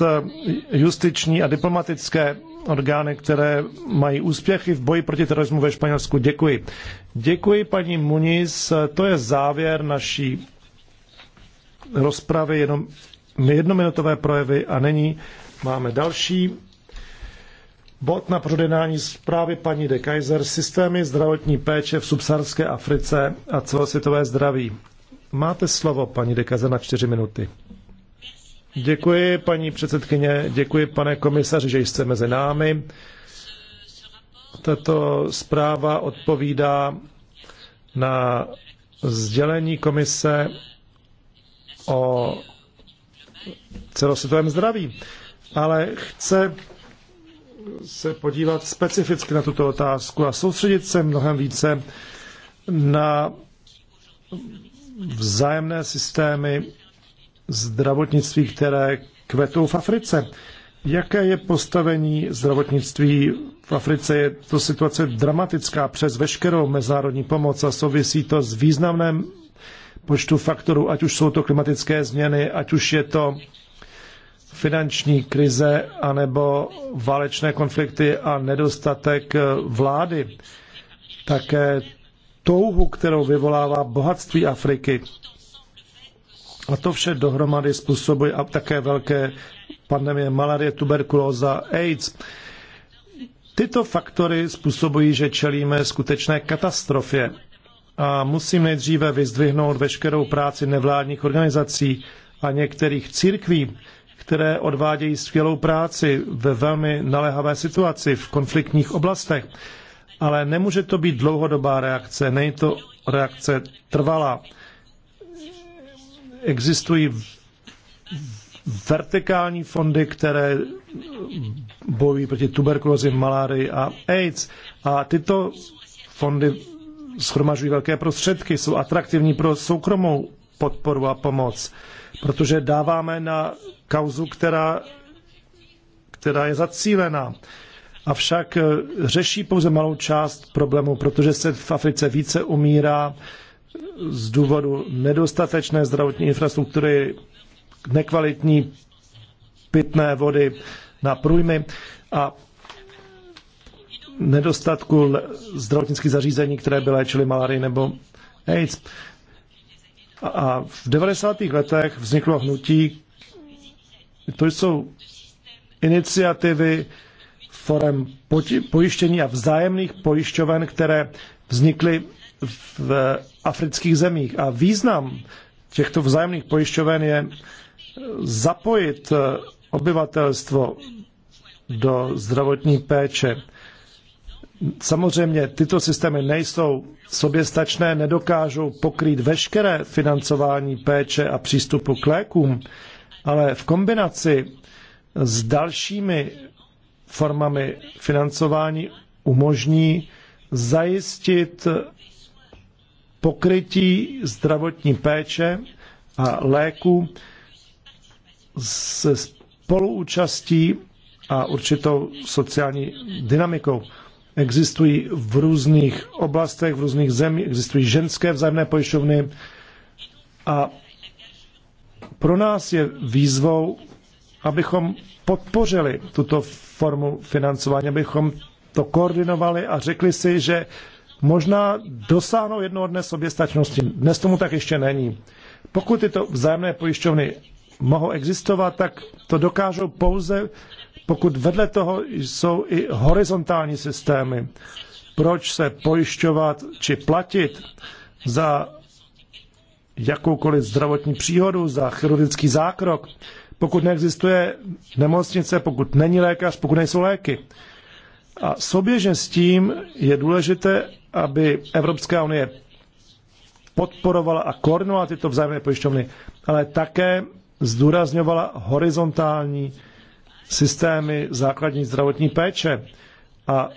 Eh, justiční a diplomatické orgány, které mají úspěchy v boji proti terorismu ve Španělsku. Děkuji. Děkuji, paní Muniz. To je závěr naší rozpravy, jenom jednominutové projevy a není. Máme další bod na prodenání zprávy paní de Kaiser, systémy zdravotní péče v subsaharské Africe a celosvětové zdraví. Máte slovo, paní de Kaiser, na čtyři minuty. Děkuji, paní předsedkyně, děkuji, pane komisaři, že jste mezi námi. Tato zpráva odpovídá na sdělení komise o celosvětovém zdraví, ale chce se podívat specificky na tuto otázku a soustředit se mnohem více na vzájemné systémy zdravotnictví, které kvetou v Africe. Jaké je postavení zdravotnictví v Africe? Je to situace dramatická přes veškerou mezinárodní pomoc a souvisí to s významným počtu faktorů, ať už jsou to klimatické změny, ať už je to finanční krize anebo válečné konflikty a nedostatek vlády. Také touhu, kterou vyvolává bohatství Afriky, a to vše dohromady způsobuje a také velké pandemie malarie, tuberkulóza, AIDS. Tyto faktory způsobují, že čelíme skutečné katastrofě. A musím nejdříve vyzdvihnout veškerou práci nevládních organizací a některých církví, které odvádějí skvělou práci ve velmi naléhavé situaci v konfliktních oblastech. Ale nemůže to být dlouhodobá reakce, není to reakce trvalá existují vertikální fondy, které bojují proti tuberkulózi, malárii a AIDS. A tyto fondy schromažují velké prostředky, jsou atraktivní pro soukromou podporu a pomoc, protože dáváme na kauzu, která, která je zacílená. Avšak eh, řeší pouze malou část problému, protože se v Africe více umírá, z důvodu nedostatečné zdravotní infrastruktury, nekvalitní pitné vody na průjmy a nedostatku zdravotnických zařízení, které by léčily malárii nebo AIDS. A v 90. letech vzniklo hnutí, to jsou iniciativy forem pojištění a vzájemných pojišťoven, které vznikly v afrických zemích. A význam těchto vzájemných pojišťoven je zapojit eh, obyvatelstvo do zdravotní péče. Samozřejmě tyto systémy nejsou soběstačné, nedokážou pokrýt veškeré financování péče a přístupu k lékům, ale v kombinaci s dalšími formami financování umožní zajistit pokrytí zdravotní péče a léku se spoluúčastí a určitou sociální dynamikou. Existují v různých oblastech, v různých zemích, existují ženské vzájemné pojišťovny a pro nás je výzvou, abychom podpořili tuto formu financování, abychom to koordinovali a řekli si, že možná dosáhnou jednoho dne soběstačnosti. Dnes tomu tak ještě není. Pokud tyto vzájemné pojišťovny mohou existovat, tak to dokážou pouze, pokud vedle toho jsou i horizontální systémy. Proč se pojišťovat či platit za jakoukoliv zdravotní příhodu, za chirurgický zákrok, pokud neexistuje nemocnice, pokud není lékař, pokud nejsou léky. A souběžně s tím je důležité, aby Evropská unie podporovala a koordinovala tyto vzájemné pojišťovny, ale také zdůrazňovala horizontální systémy základní zdravotní péče a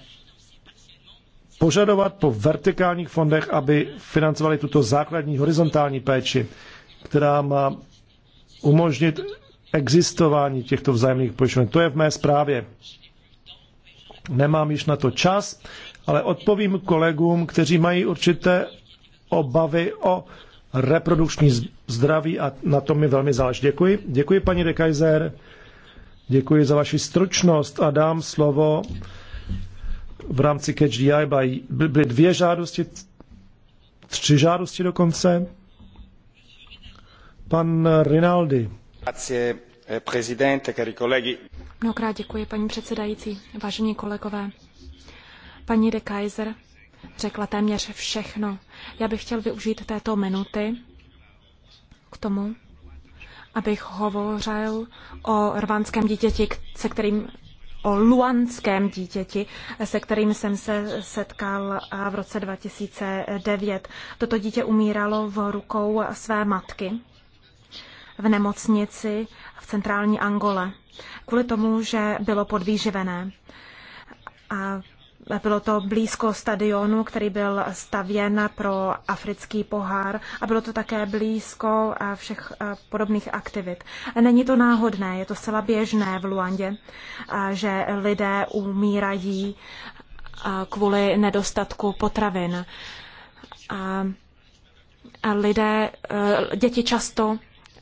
požadovat po vertikálních fondech, aby financovali tuto základní horizontální péči, která má umožnit existování těchto vzájemných pojišťoven. To je v mé zprávě. Nemám již na to čas, ale odpovím kolegům, kteří mají určité obavy o reprodukční zdraví a na tom mi velmi záleží. Děkuji. Děkuji, paní de Kaiser. Děkuji za vaši stručnost a dám slovo v rámci Catch the Eye. Byly dvě žádosti, tři žádosti dokonce. Pan Rinaldi. Eh, Mnohokrát děkuji, paní předsedající, vážení kolegové. Paní de Kaiser řekla téměř všechno. Já bych chtěl využít této minuty k tomu, abych hovořil o rvanském dítěti, se kterým o luanském dítěti, se kterým jsem se setkal v roce 2009. Toto dítě umíralo v rukou své matky v nemocnici v centrální Angole kvůli tomu, že bylo podvýživené. A bylo to blízko stadionu, který byl stavěn pro africký pohár a bylo to také blízko eh, všech eh, podobných aktivit. Není to náhodné, je to zcela běžné v Luandě, eh, že lidé umírají kvůli nedostatku potravin. A lidé, děti často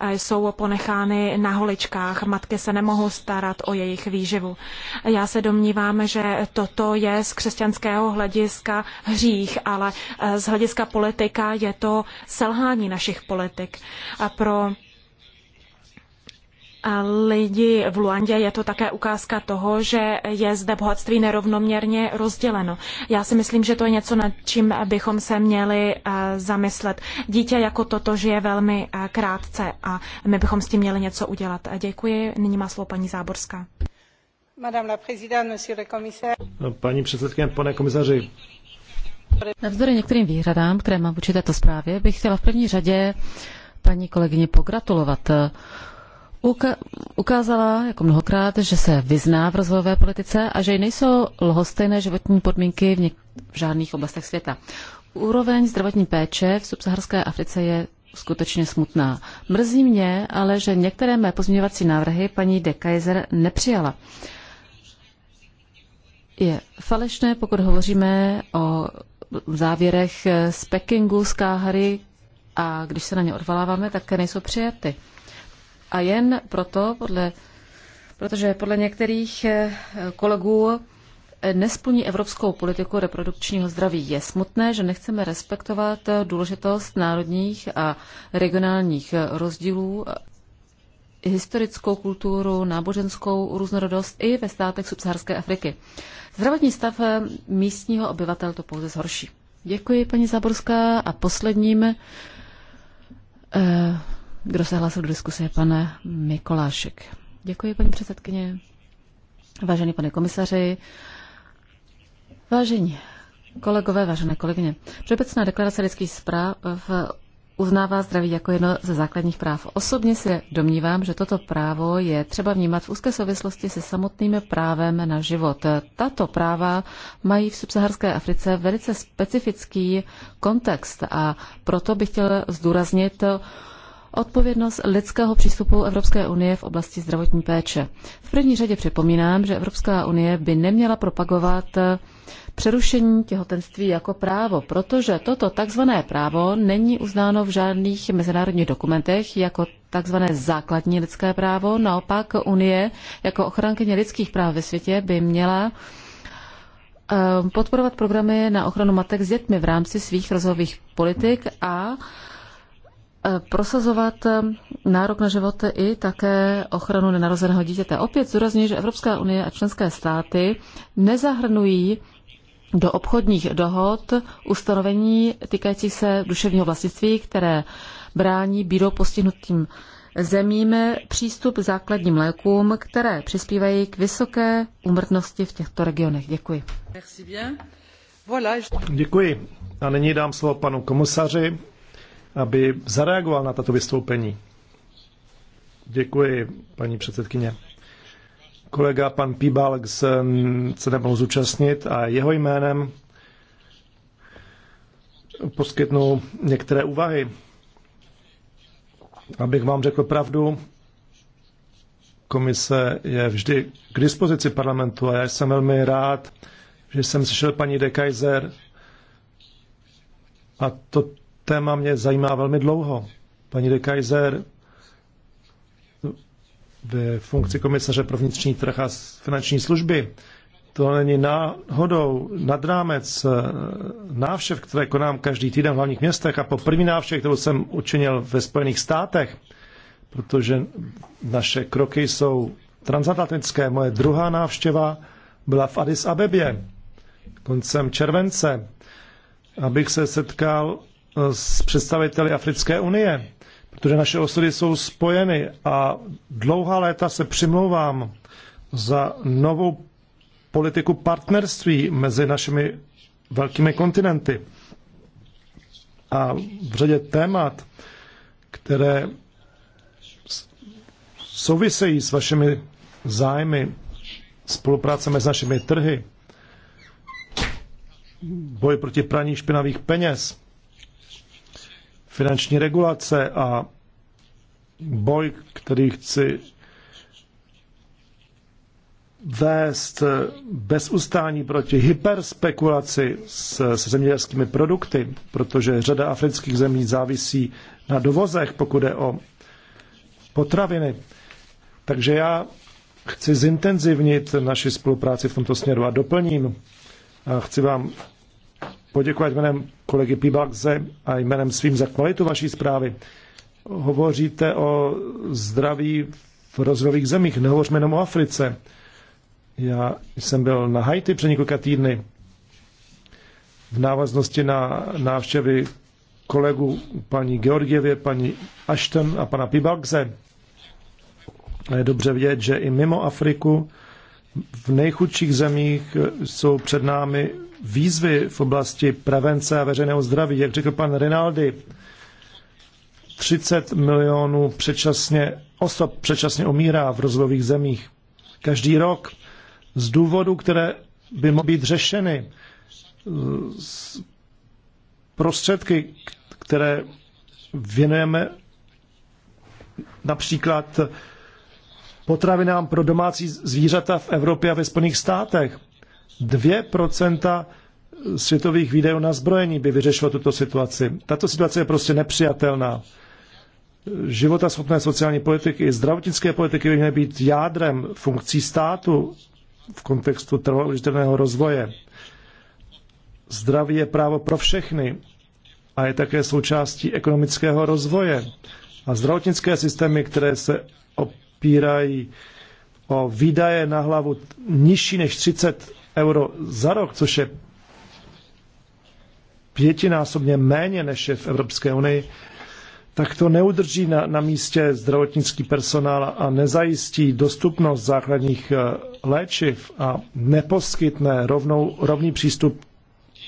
jsou ponechány na holičkách. Matky se nemohou starat o jejich výživu. Já se domnívám, že toto je z křesťanského hlediska hřích, ale eh, z hlediska politika je to selhání našich politik. A pro lidi v Luandě, je to také ukázka toho, že je zde bohatství nerovnoměrně rozděleno. Já si myslím, že to je něco, nad čím bychom se měli eh, zamyslet. Dítě jako toto žije velmi eh, krátce a my bychom s tím měli něco udělat. Eh, děkuji. Nyní má slovo paní Záborská. Paní předsedkyně, pane komisaři. Navzdory některým výhradám, které mám vůči této zprávě, bych chtěla v první řadě paní kolegyně pogratulovat ukázala jako mnohokrát, že se vyzná v rozvojové politice a že nejsou lhostejné životní podmínky v, něk- v žádných oblastech světa. Úroveň zdravotní péče v subsaharské Africe je skutečně smutná. Mrzí mě, ale že některé mé pozměňovací návrhy paní de Kaiser nepřijala. Je falešné, pokud hovoříme o závěrech z Pekingu, z Káhary a když se na ně odvaláváme, tak nejsou přijaty. A jen proto, podle, protože podle některých eh, kolegů eh, nesplní evropskou politiku reprodukčního zdraví. Je smutné, že nechceme respektovat eh, důležitost národních a regionálních rozdílů, historickou kulturu, náboženskou různorodost i ve státech subsaharské Afriky. Zdravotní stav místního obyvatel to pouze zhorší. Děkuji, paní Zaborská. A posledním eh, kdo se hlásil do diskuse je pan Mikolášek. Děkuji, paní předsedkyně. Vážený pane komisaři, vážení kolegové, vážené kolegyně, Přebecná deklarace lidských práv uznává zdraví jako jedno ze základních práv. Osobně se domnívám, že toto právo je třeba vnímat v úzké souvislosti se samotným právem na život. Tato práva mají v subsaharské Africe velice specifický kontext a proto bych chtěl zdůraznit odpovědnost lidského přístupu Evropské unie v oblasti zdravotní péče. V první řadě připomínám, že Evropská unie by neměla propagovat eh, přerušení těhotenství jako právo, protože toto takzvané právo není uznáno v žádných mezinárodních dokumentech jako takzvané základní lidské právo. Naopak Unie jako ochránkyně lidských práv ve světě by měla eh, podporovat programy na ochranu matek s dětmi v rámci svých rozvojových politik a Eh, prosazovat eh, nárok na život i také ochranu nenarozeného dítěte. Opět zúrazně, že Evropská unie a členské státy nezahrnují do obchodních dohod ustanovení týkající se duševního vlastnictví, které brání bídou postihnutým zemím přístup k základním lékům, které přispívají k vysoké úmrtnosti v těchto regionech. Děkuji. Děkuji. A nyní dám slovo panu komisaři aby zareagoval na tato vystoupení. Děkuji, paní předsedkyně. Kolega pan Píbalk se, se nemohl zúčastnit a jeho jménem poskytnu některé úvahy. Abych vám řekl pravdu, komise je vždy k dispozici parlamentu a já jsem velmi rád, že jsem slyšel paní de Kaiser a to téma mě zajímá velmi dlouho. Paní de Kaiser ve funkci komisaře pro vnitřní trh a finanční služby. To není náhodou nad rámec eh, návštěv, které konám každý týden v hlavních městech a po první návštěv, kterou jsem učinil ve Spojených státech, protože naše kroky jsou transatlantické. Moje druhá návštěva byla v Addis Abebě koncem července, abych se setkal s představiteli Africké unie, protože naše osudy jsou spojeny a dlouhá léta se přimlouvám za novou politiku partnerství mezi našimi velkými kontinenty. A v řadě témat, které souvisejí s vašimi zájmy, spolupráce mezi našimi trhy, boj proti praní špinavých peněz, finanční regulace a boj, který chci vést bez ustání proti hyperspekulaci s, s zemědělskými produkty, protože řada afrických zemí závisí na dovozech, pokud je o potraviny. Takže já chci zintenzivnit naši spolupráci v tomto směru a doplním. A chci vám poděkovat jménem kolegy Pibakze a jménem svým za kvalitu vaší zprávy. Hovoříte o zdraví v rozvojových zemích, nehovořme jenom o Africe. Já jsem byl na Haiti před několika týdny v návaznosti na návštěvy kolegu paní Georgievě, paní Ashton a pana Pibakze. A je dobře vědět, že i mimo Afriku v nejchudších zemích jsou před námi výzvy v oblasti prevence a veřejného zdraví. Jak řekl pan Rinaldi, 30 milionů předčasně, osob předčasně umírá v rozvojových zemích každý rok z důvodů, které by mohly být řešeny z prostředky, které věnujeme například potravinám pro domácí zvířata v Evropě a ve Spojených státech. 2% světových výdajů na zbrojení by vyřešilo tuto situaci. Tato situace je prostě nepřijatelná. Života schopné sociální politiky i zdravotnické politiky by měly být jádrem funkcí státu v kontextu trvalého rozvoje. Zdraví je právo pro všechny a je také součástí ekonomického rozvoje. A zdravotnické systémy, které se opírají o výdaje na hlavu nižší než 30 euro za rok, což je pětinásobně méně než je v Evropské unii, tak to neudrží na, na místě zdravotnický personál a nezajistí dostupnost základních eh, léčiv a neposkytne rovnou, rovný přístup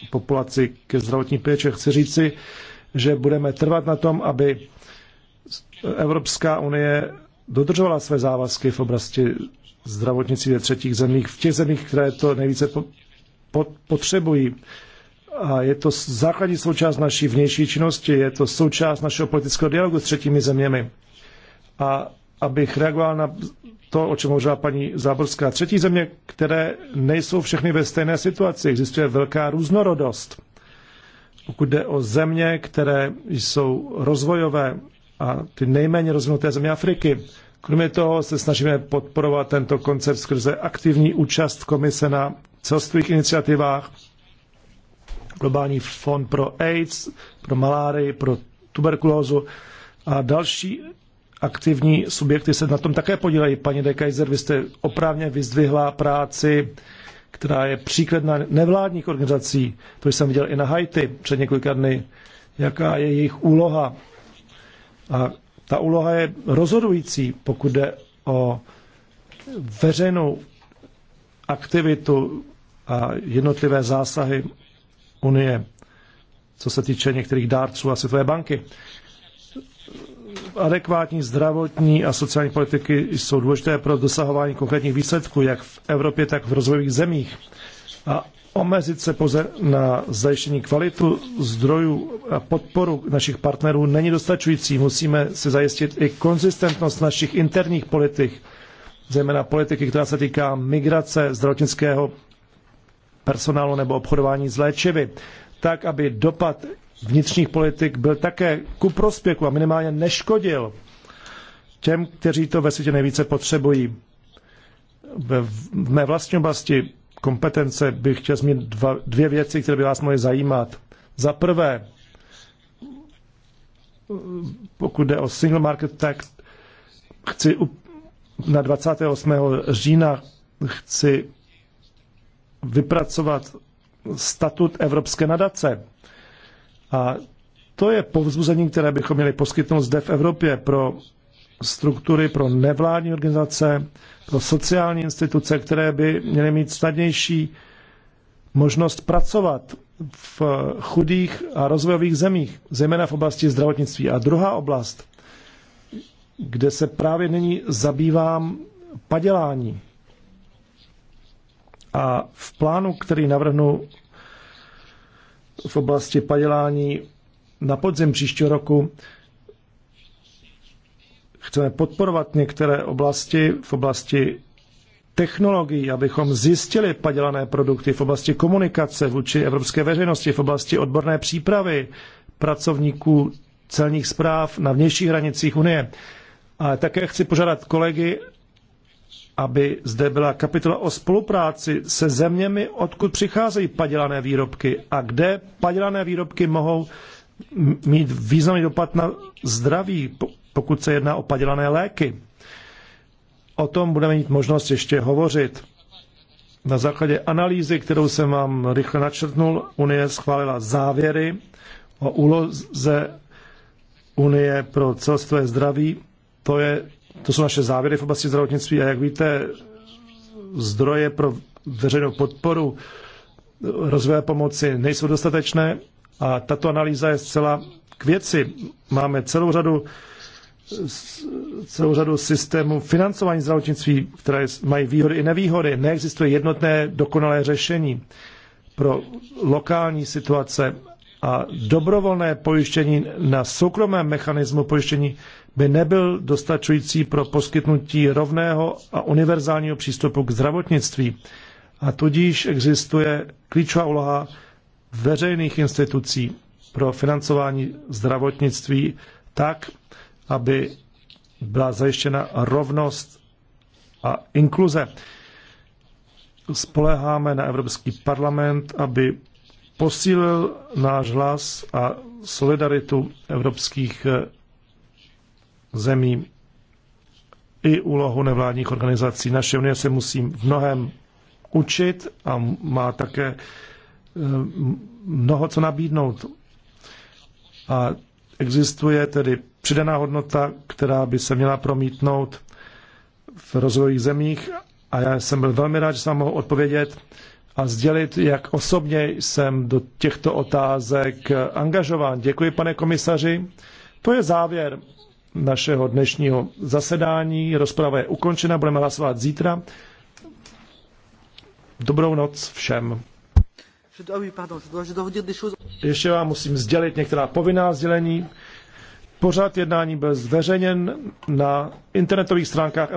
populaci ke zdravotní péči. Chci říci, že budeme trvat na tom, aby Evropská unie dodržovala své závazky v oblasti zdravotnictví ve třetích zemích, v těch zemích, které to nejvíce potřebují. A je to základní součást naší vnější činnosti, je to součást našeho politického dialogu s třetími zeměmi. A abych reagoval na to, o čem hovořila paní Záborská. Třetí země, které nejsou všechny ve stejné situaci, existuje velká různorodost. Pokud jde o země, které jsou rozvojové a ty nejméně rozvinuté země Afriky, Kromě toho se snažíme podporovat tento koncept skrze aktivní účast komise na celostových iniciativách, globální fond pro AIDS, pro malárii, pro tuberkulózu a další aktivní subjekty se na tom také podílejí. Paní de Kaiser, vy jste oprávně vyzdvihla práci, která je příkladná nevládních organizací. To jsem viděl i na Haiti před několika dny, jaká je jejich úloha. A ta úloha je rozhodující, pokud jde o veřejnou aktivitu a jednotlivé zásahy Unie, co se týče některých dárců a Světové banky. Adekvátní zdravotní a sociální politiky jsou důležité pro dosahování konkrétních výsledků, jak v Evropě, tak v rozvojových zemích. A omezit se pouze na zajištění kvalitu zdrojů a podporu našich partnerů není dostačující. Musíme si zajistit i konzistentnost našich interních politik, zejména politiky, která se týká migrace zdravotnického personálu nebo obchodování s léčivy, tak, aby dopad vnitřních politik byl také ku prospěchu a minimálně neškodil těm, kteří to ve světě nejvíce potřebují. V mé vlastní oblasti kompetence bych chtěl zmínit dva, dvě věci, které by vás mohly zajímat. Za prvé, pokud jde o Single Market tak chci na 28. října chci vypracovat statut Evropské nadace. A to je povzbuzení, které bychom měli poskytnout zde v Evropě pro struktury pro nevládní organizace, pro sociální instituce, které by měly mít snadnější možnost pracovat v chudých a rozvojových zemích, zejména v oblasti zdravotnictví. A druhá oblast, kde se právě nyní zabývám padělání. A v plánu, který navrhnu v oblasti padělání na podzim příštího roku, Chceme podporovat některé oblasti v oblasti technologií, abychom zjistili padělané produkty v oblasti komunikace vůči evropské veřejnosti, v oblasti odborné přípravy pracovníků celních zpráv na vnějších hranicích Unie. A také chci požádat kolegy, aby zde byla kapitola o spolupráci se zeměmi, odkud přicházejí padělané výrobky a kde padělané výrobky mohou mít významný dopad na zdraví pokud se jedná o padělané léky. O tom budeme mít možnost ještě hovořit. Na základě analýzy, kterou jsem vám rychle načrtnul, Unie schválila závěry o úloze Unie pro celostvé zdraví. To, je, to jsou naše závěry v oblasti zdravotnictví a jak víte, zdroje pro veřejnou podporu rozvoje pomoci nejsou dostatečné a tato analýza je zcela k věci. Máme celou řadu celou řadu systémů financování zdravotnictví, které mají výhody i nevýhody. Neexistuje jednotné dokonalé řešení pro lokální situace a dobrovolné pojištění na soukromém mechanismu pojištění by nebyl dostačující pro poskytnutí rovného a univerzálního přístupu k zdravotnictví. A tudíž existuje klíčová úloha veřejných institucí pro financování zdravotnictví tak, aby byla zajištěna rovnost a inkluze. Spoleháme na Evropský parlament, aby posílil náš hlas a solidaritu evropských eh, zemí i úlohu nevládních organizací. Naše unie se musí v mnohem učit a má také eh, mnoho co nabídnout. A Existuje tedy přidaná hodnota, která by se měla promítnout v rozvojových zemích a já jsem byl velmi rád, že jsem mohl odpovědět a sdělit, jak osobně jsem do těchto otázek angažován. Děkuji, pane komisaři. To je závěr našeho dnešního zasedání. Rozprava je ukončena, budeme hlasovat zítra. Dobrou noc všem. Ještě vám musím sdělit některá povinná sdělení. Pořád jednání byl zveřejněn na internetových stránkách